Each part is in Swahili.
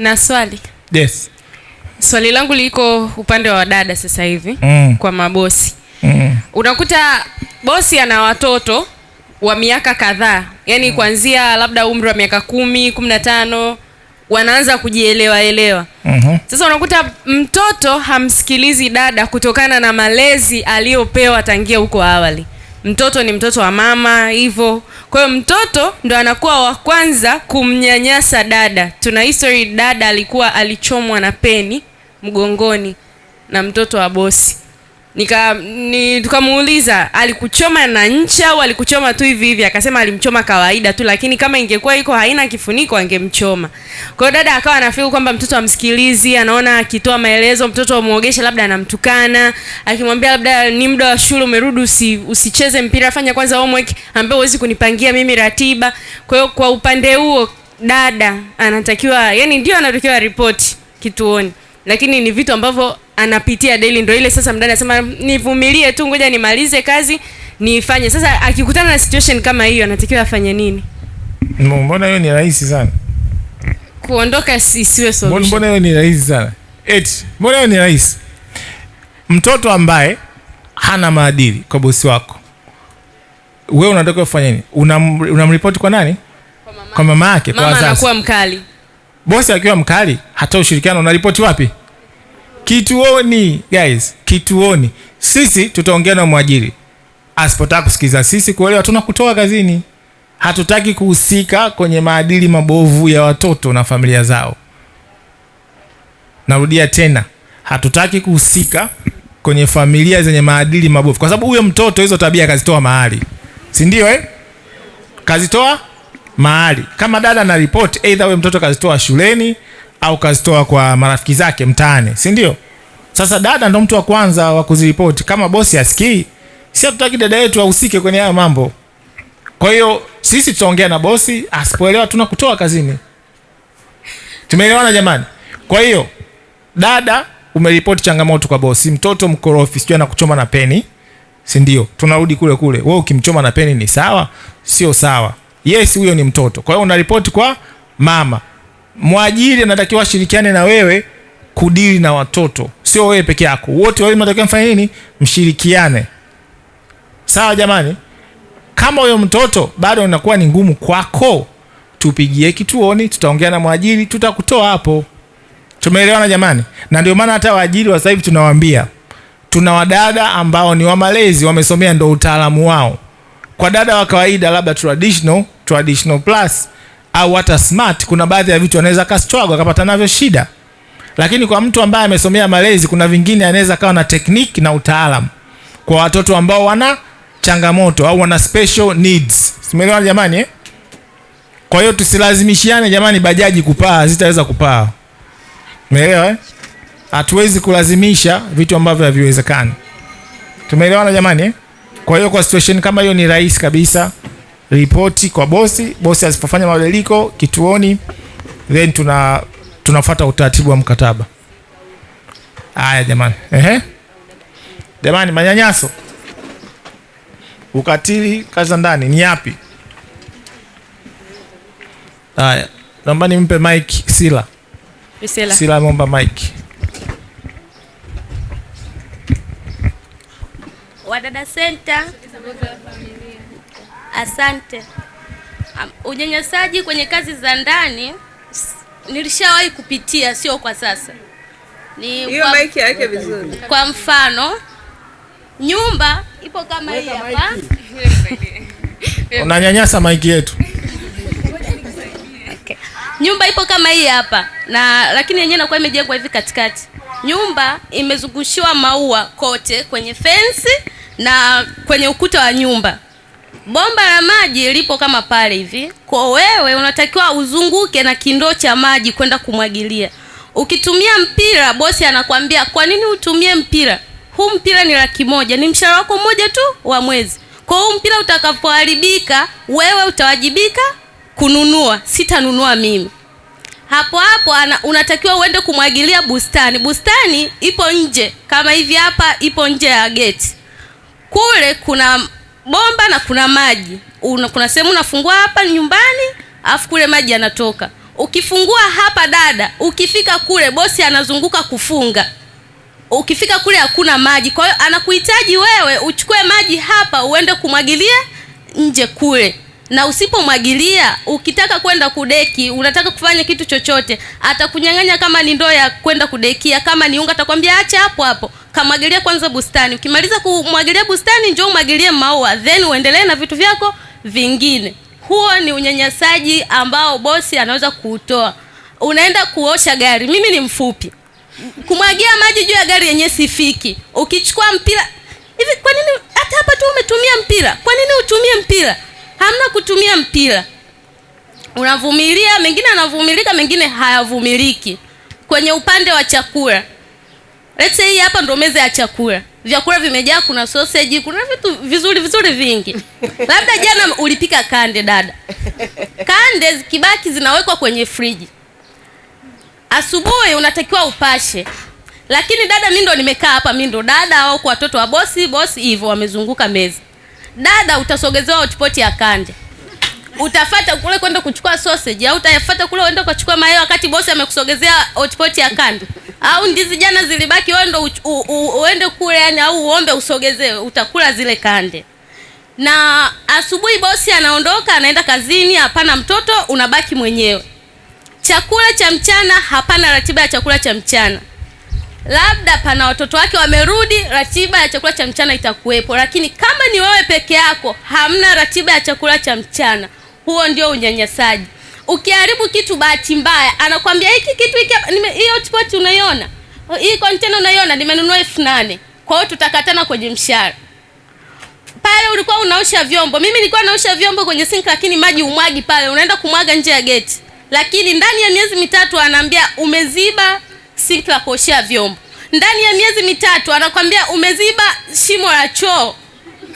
Na swali yes. Swali langu liko upande wa dada sasa hivi mm. kwa mabosi mm. unakuta bosi ana watoto wa miaka kadhaa yani mm. kuanzia labda umri wa miaka kumi kumi na tano wanaanza kujielewa elewa mm -hmm. Sasa unakuta mtoto hamsikilizi dada kutokana na malezi aliyopewa tangia huko awali. Mtoto ni mtoto wa mama hivyo kwa hiyo mtoto ndo anakuwa wa kwanza kumnyanyasa dada. Tuna history, dada alikuwa alichomwa na peni mgongoni na mtoto wa bosi nika ni tukamuuliza alikuchoma na ncha au alikuchoma tu hivi hivi? Akasema alimchoma kawaida tu, lakini kama ingekuwa iko haina kifuniko angemchoma. Kwa hiyo dada akawa anafeel kwamba mtoto amsikilizi, anaona akitoa maelezo mtoto amuogeshe, labda anamtukana, akimwambia labda ni muda wa shule umerudi, usi, usicheze mpira, fanya kwanza homework, ambaye huwezi kunipangia mimi ratiba. Kwa hiyo kwa upande huo dada anatakiwa, yani ndio anatakiwa ripoti kituoni, lakini ni vitu ambavyo anapitia daily, ndio ile sasa mdada anasema nivumilie tu, ngoja nimalize kazi nifanye. Sasa akikutana na situation kama hiyo anatakiwa afanye nini? Mbona hiyo ni rahisi sana kuondoka, isiwe solution. Mbona hiyo ni rahisi sana eti, mbona hiyo ni rahisi. Mtoto ambaye hana maadili kwa bosi wako, wewe unataka kufanya nini? Unamripoti una kwa nani? Kwa mama yake, kwa mama yake, kwa wazazi. Mama anakuwa mkali, bosi akiwa mkali, hata ushirikiano unaripoti wapi? Kituoni guys, kituoni. Sisi tutaongea na mwajiri, asipotaka kusikiza sisi, kuelewa tunakutoa kazini. Hatutaki kuhusika kwenye maadili mabovu ya watoto na familia zao. Narudia tena, hatutaki kuhusika kwenye familia zenye maadili mabovu, kwa sababu huyo mtoto hizo tabia kazitoa mahali, si ndio eh? Kazitoa mahali. Kama dada na report, aidha huyo mtoto kazitoa shuleni au kazitoa kwa marafiki zake mtaani, si ndio? Sasa dada ndo mtu wa kwanza wa kuziripoti. Kama bosi asikii, sisi hatutaki dada yetu ahusike kwenye haya mambo. Kwa hiyo sisi tutaongea na bosi, asipoelewa tunakutoa kazini. Tumeelewana jamani? Kwa hiyo dada umeripoti changamoto kwa bosi, mtoto mkorofi sijui anakuchoma na peni, si ndio? Tunarudi kule kule, wewe ukimchoma na peni ni sawa? Sio sawa. Yes, huyo ni mtoto. Kwa hiyo unaripoti kwa mama mwajiri anatakiwa ashirikiane na wewe kudili na watoto, sio wewe peke yako. Wote wawili mnatakiwa mfanye nini? Mshirikiane. Sawa jamani, kama huyo mtoto bado unakuwa ni ngumu kwako, tupigie kituoni, tutaongea na mwajiri, tutakutoa hapo. Tumeelewana jamani? Na ndio maana hata waajiri wa sasa hivi tunawaambia, tuna wadada ambao ni wa malezi, wamesomea ndo utaalamu wao. Kwa dada wa kawaida, labda traditional, traditional plus au hata smart, kuna baadhi ya vitu anaweza akastruggle akapata navyo shida, lakini kwa mtu ambaye amesomea malezi, kuna vingine anaweza akawa na technique na utaalamu kwa watoto ambao wana changamoto au wana special needs. Simelewa jamani eh? Kwa hiyo tusilazimishiane jamani, bajaji kupaa zitaweza kupaa. Umeelewa eh? Hatuwezi kulazimisha vitu ambavyo haviwezekani. Tumeelewana jamani eh? Kwa hiyo kwa situation kama hiyo ni rahisi kabisa ripoti kwa bosi. Bosi asipofanya mabadiliko kituoni, then tuna tunafuata utaratibu wa mkataba. Haya jamani, ehe jamani, manyanyaso, ukatili, kazi za ndani ni yapi? Haya, naomba nimpe mike Sila. Sila, Sila naomba mike. Wadada Center Asante. unyanyasaji kwenye kazi za ndani nilishawahi kupitia, sio kwa sasa. Ni hiyo kwa, maiki yake vizuri. Kwa mfano nyumba ipo kama hii hapa. Unanyanyasa maiki yetu. Nyumba ipo kama hii hapa na lakini yenyewe inakuwa imejengwa hivi katikati. Nyumba imezungushiwa maua kote kwenye fensi na kwenye ukuta wa nyumba bomba la maji lipo kama pale hivi, kwa wewe unatakiwa uzunguke na kindoo cha maji kwenda kumwagilia. Ukitumia mpira, bosi anakwambia kwa nini utumie mpira huu? Mpira ni laki moja, ni mshahara wako mmoja tu wa mwezi. Kwa huu mpira utakapoharibika, wewe utawajibika kununua, sitanunua mimi. Hapo hapo ana, unatakiwa uende kumwagilia bustani. Bustani ipo nje kama hivi, hapa ipo nje ya geti, kule kuna bomba na kuna maji una, kuna sehemu unafungua hapa nyumbani alafu kule maji yanatoka. Ukifungua hapa dada, ukifika kule bosi anazunguka kufunga, ukifika kule hakuna maji. Kwa hiyo anakuhitaji wewe uchukue maji hapa uende kumwagilia nje kule, na usipomwagilia, ukitaka kwenda kudeki, unataka kufanya kitu chochote, atakunyang'anya. Kama ni ndoo ya kwenda kudekia, kama ni unga, atakwambia acha hapo hapo kamwagilia kwanza bustani. Ukimaliza kumwagilia bustani, njoo umwagilie maua, then uendelee na vitu vyako vingine. Huo ni unyanyasaji ambao bosi anaweza kuutoa. Unaenda kuosha gari, mimi ni mfupi, kumwagia maji juu ya gari yenye sifiki. Ukichukua mpira hivi, kwa nini? Hata hapa tu umetumia mpira, kwa nini utumie mpira? Hamna kutumia mpira, unavumilia. Mengine anavumilika, mengine hayavumiliki. Kwenye upande wa chakula let's say hapa ndo meza ya chakula, vyakula vimejaa, kuna sausage, kuna vitu vizuri vizuri vingi. Labda jana ulipika kande, dada, kande kibaki zinawekwa kwenye friji, asubuhi unatakiwa upashe. Lakini dada, mi ndo nimekaa hapa, mi ndo dada, au kwa watoto wa bosi bosi hivyo wamezunguka meza, dada, utasogezewa hotpoti ya kande utafata kule kwenda kuchukua sausage au utafuata kule uende kuchukua mayai, wakati bosi amekusogezea hotpot ya kande au ndizi jana zilibaki, wewe ndo uende kule yani, au uombe usogezewe, utakula zile kande. Na asubuhi bosi anaondoka anaenda kazini, hapana mtoto, unabaki mwenyewe. Chakula cha mchana, hapana ratiba ya chakula cha mchana. Labda pana watoto wake wamerudi, ratiba ya chakula cha mchana itakuwepo, lakini kama ni wewe peke yako, hamna ratiba ya chakula cha mchana. Huo ndio unyanyasaji ukiharibu kitu bahati mbaya anakwambia hiki kitu hiki, hiyo tpoti unaiona oh, hii kontena unaiona, nimenunua elfu nane kwa hiyo tutakatana kwenye mshahara. Pale ulikuwa unaosha vyombo, mimi nilikuwa naosha vyombo kwenye sink, lakini maji umwagi pale, unaenda kumwaga nje ya geti, lakini ndani ya miezi mitatu anaambia umeziba sink la kuoshea vyombo. Ndani ya miezi mitatu anakwambia umeziba shimo la choo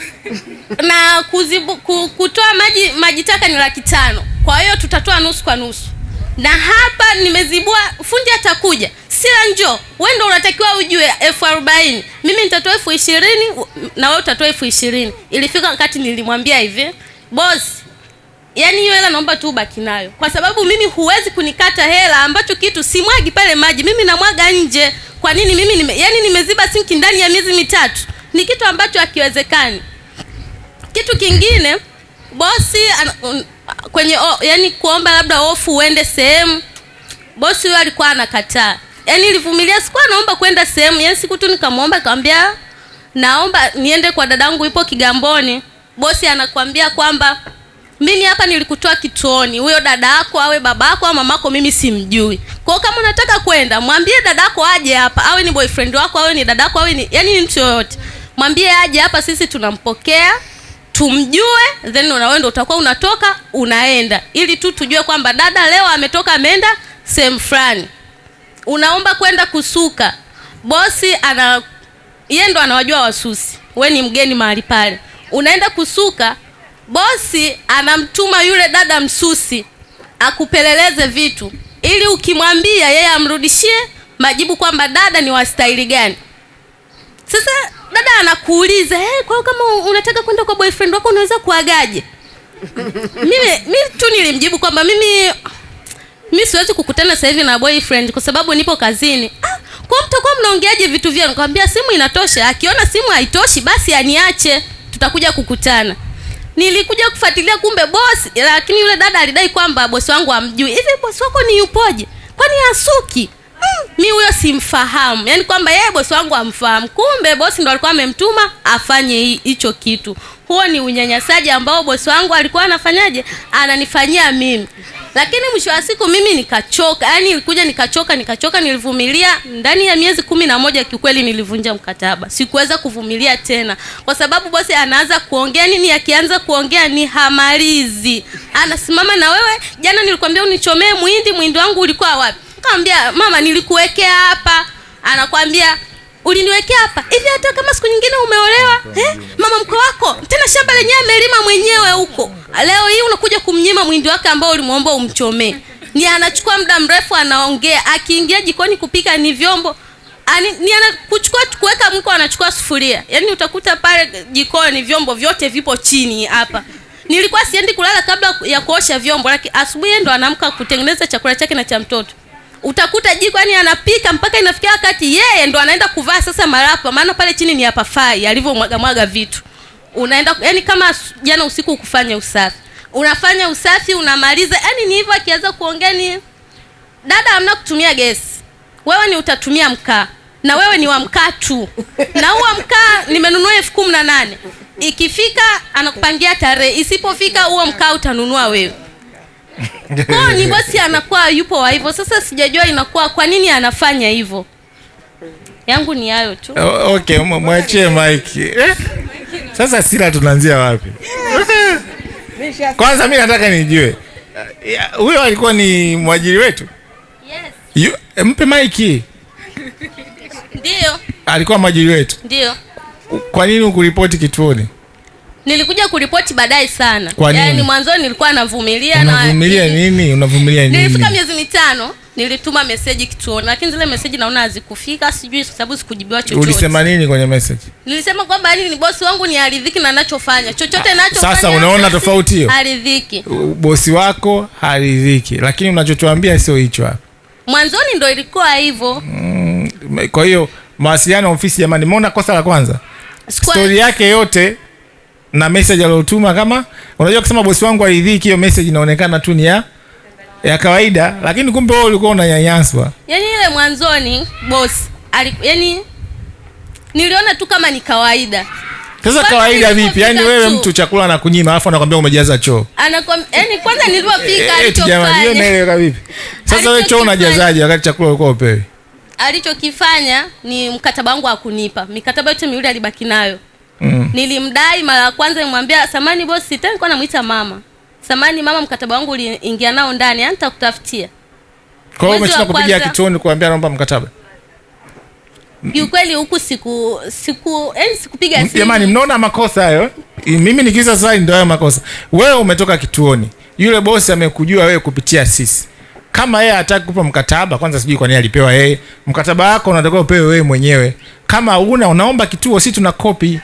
na kuzibu, kutoa maji maji taka ni laki tano. Kwa hiyo tutatoa nusu kwa nusu, na hapa nimezibua, fundi atakuja sila njo wewe ndio unatakiwa ujue elfu arobaini mimi nitatoa elfu ishirini na wewe utatoa elfu ishirini Ilifika wakati nilimwambia hivi bosi, yaani hiyo hela naomba tu ubaki nayo, kwa sababu mimi huwezi kunikata hela ambacho kitu simwagi pale maji, mimi namwaga nje. Kwa nini mimi nime, yani nimeziba sinki ndani ya miezi mitatu? Ni kitu ambacho hakiwezekani. Kitu kingine bosi an, un, kwenye o, yani kuomba labda hofu uende sehemu, bosi huyo alikuwa anakataa. Yani nilivumilia, sikuwa naomba kwenda sehemu. Yani siku tu nikamwomba, akamwambia naomba niende kwa dadangu, ipo Kigamboni. Bosi anakuambia kwamba mimi hapa nilikutoa kituoni, huyo dada yako awe baba yako au mamako, mimi simjui. Kwa hiyo kama unataka kwenda, mwambie dadako aje hapa, awe ni boyfriend wako, awe ni dadako, awe ni yani ni mtu yoyote, mwambie aje hapa, sisi tunampokea tumjue, then unawe utakuwa unatoka unaenda, ili tu tujue kwamba dada leo ametoka ameenda sehemu fulani. Unaomba kwenda kusuka, bosi ana yeye ndo anawajua wasusi, we ni mgeni mahali pale, unaenda kusuka, bosi anamtuma yule dada msusi akupeleleze vitu, ili ukimwambia yeye amrudishie majibu kwamba dada ni wa staili gani. Sasa dada anakuuliza hey, eh, kwa kama unataka kwenda kwa boyfriend wako unaweza kuagaje? mimi mimi tu nilimjibu kwamba mimi mimi siwezi kukutana sasa hivi na boyfriend kwa sababu nipo kazini. Ah, kwa mtakuwa mnaongeaje vitu vyenu? Nikamwambia simu inatosha. Akiona simu haitoshi basi aniache, tutakuja kukutana. Nilikuja kufuatilia kumbe boss, lakini yule dada alidai kwamba bosi wangu amjui. Hivi bosi wako ni yupoje? Kwani asuki? mi huyo simfahamu, yaani kwamba yeye bosi wangu amfahamu, kumbe bosi ndo alikuwa amemtuma afanye hicho kitu. Huo ni unyanyasaji ambao bosi wangu alikuwa anafanyaje, ananifanyia mimi. Lakini mwisho wa siku mimi nikachoka, yaani nilikuja nikachoka, nikachoka, nilivumilia. Ndani ya miezi kumi na moja kiukweli nilivunja mkataba, sikuweza kuvumilia tena, kwa sababu bosi anaanza kuongea nini, akianza kuongea ni hamalizi, anasimama na wewe. Jana nilikwambia unichomee mwindi mwindi wangu ulikuwa wapi? Nikamwambia mama, nilikuwekea hapa. Anakwambia uliniwekea hapa hivi, hata kama siku nyingine umeolewa eh? Mama mko wako tena shamba lenyewe amelima mwenyewe huko, leo hii unakuja kumnyima mwindi wake ambao ulimwomba umchomee. Ni anachukua muda mrefu anaongea, akiingia jikoni kupika ni vyombo ani, ni anakuchukua kuweka mko, anachukua sufuria. Yaani utakuta pale jikoni vyombo vyote vipo chini hapa. Nilikuwa siendi kulala kabla ya kuosha vyombo, lakini asubuhi ndo anaamka kutengeneza chakula chake na cha mtoto. Utakuta jiko yani anapika mpaka inafikia wakati yeye ndo anaenda kuvaa sasa marapa, maana pale chini ni apafai alivyomwaga mwaga vitu. Unaenda yani kama jana usiku ukufanya usafi, unafanya usafi unamaliza, yani ni hivyo. Akianza kuongea ni dada, amna kutumia gesi, wewe ni utatumia mkaa na wewe ni wa mkaa tu, na huo mkaa nimenunua elfu kumi na nane ikifika anakupangia tarehe, isipofika huo mkaa utanunua wewe. Ah, ni bosi anakuwa yupo wa hivyo. Sasa sijajua inakuwa kwa nini anafanya hivyo. Yangu ni hayo tu. Okay, mwachie Mike. Sasa sila tunaanzia wapi? Kwanza mimi nataka nijue huyo alikuwa ni mwajiri wetu? Yes. mpe Mike. Ndio. Alikuwa mwajiri wetu? Ndio. Kwa nini ukuripoti kituoni? nilikuja kuripoti baadaye sana. Kwa yaani nini? Yaani mwanzoni nilikuwa navumilia na unavumilia nini? Unavumilia nini? Nilifika miezi mitano nilituma meseji kituoni, lakini zile meseji naona hazikufika, sijui kwa sababu sikujibiwa chochote. Ulisema nini kwenye message? Nilisema kwamba yani ni bosi wangu ni aridhiki na anachofanya chochote ah, nachofanya. Sasa unaona tofauti hiyo? Aridhiki. Bosi wako haridhiki, lakini unachotuambia sio hicho hapa. Mwanzoni ndo ilikuwa hivyo. Mm, kwa hiyo mawasiliano ofisi, jamani, umeona kosa la kwanza. Story yake yote na message aliyotuma. Kama unajua kusema bosi wangu aridhiki, hiyo message inaonekana tu ni ya ya kawaida, lakini kumbe wewe ulikuwa unanyanyaswa. Yani ile mwanzoni bosi yani niliona tu kama ni kawaida. Sasa kawaida vipi? Yaani wewe mtu chakula na kunyima alafu anakuambia umejaza choo. Anakuambia yani kwanza nilipofika alichofanya. Eh, jamani naelewa vipi? Sasa wewe choo unajazaje wakati chakula ulikuwa upewi? Alichokifanya ni mkataba wangu akunipa. Mikataba yote miwili alibaki nayo mm. Nilimdai mara ya kwanza, nimwambia samani bosi, sitaki nilikuwa namuita mama samani, mama mkataba wangu uliingia nao ndani, yani nitakutafutia. Kwa hiyo umeshinda kupiga kituoni kuambia naomba mkataba? Kiukweli huku siku siku yani sikupiga simu. Jamani, mnaona makosa hayo? Mimi nikiza sasa ndio hayo makosa. Wewe umetoka kituoni, yule bosi amekujua wewe kupitia sisi kama yeye hataki kupa mkataba, kwanza sijui kwa nini alipewa yeye mkataba. Wako unatakiwa upewe wewe mwenyewe. Kama una unaomba kituo, sisi tuna copy.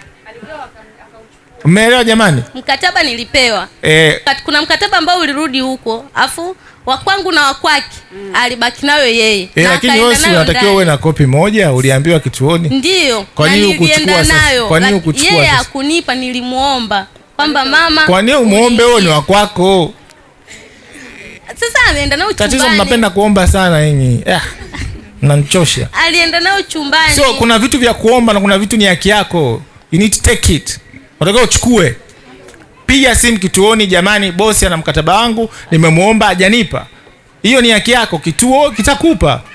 Umeelewa jamani? Mkataba nilipewa eh. Kuna mkataba ambao ulirudi huko afu wa kwangu na wa kwake mm. alibaki nayo yeye Eh, na lakini wewe si unatakiwa uwe na kopi moja, uliambiwa kituoni. Ndio, kwa nini ukuchukua nayo? Kwa nini ukuchukua? Yeye hakunipa, nilimuomba kwamba mama. Kwa nini umuombe? Wewe ni wa kwako? Sasa ameenda nayo chumbani. Tatizo mnapenda kuomba sana yenyi. eh, ah, mnanichosha. Alienda nayo chumbani. So kuna vitu vya kuomba na kuna vitu ni haki yako, you need to take it unatakiwa uchukue. Piga simu kituoni, jamani, bosi ana mkataba wangu, nimemwomba ajanipa Hiyo ni haki yako, kituo kitakupa.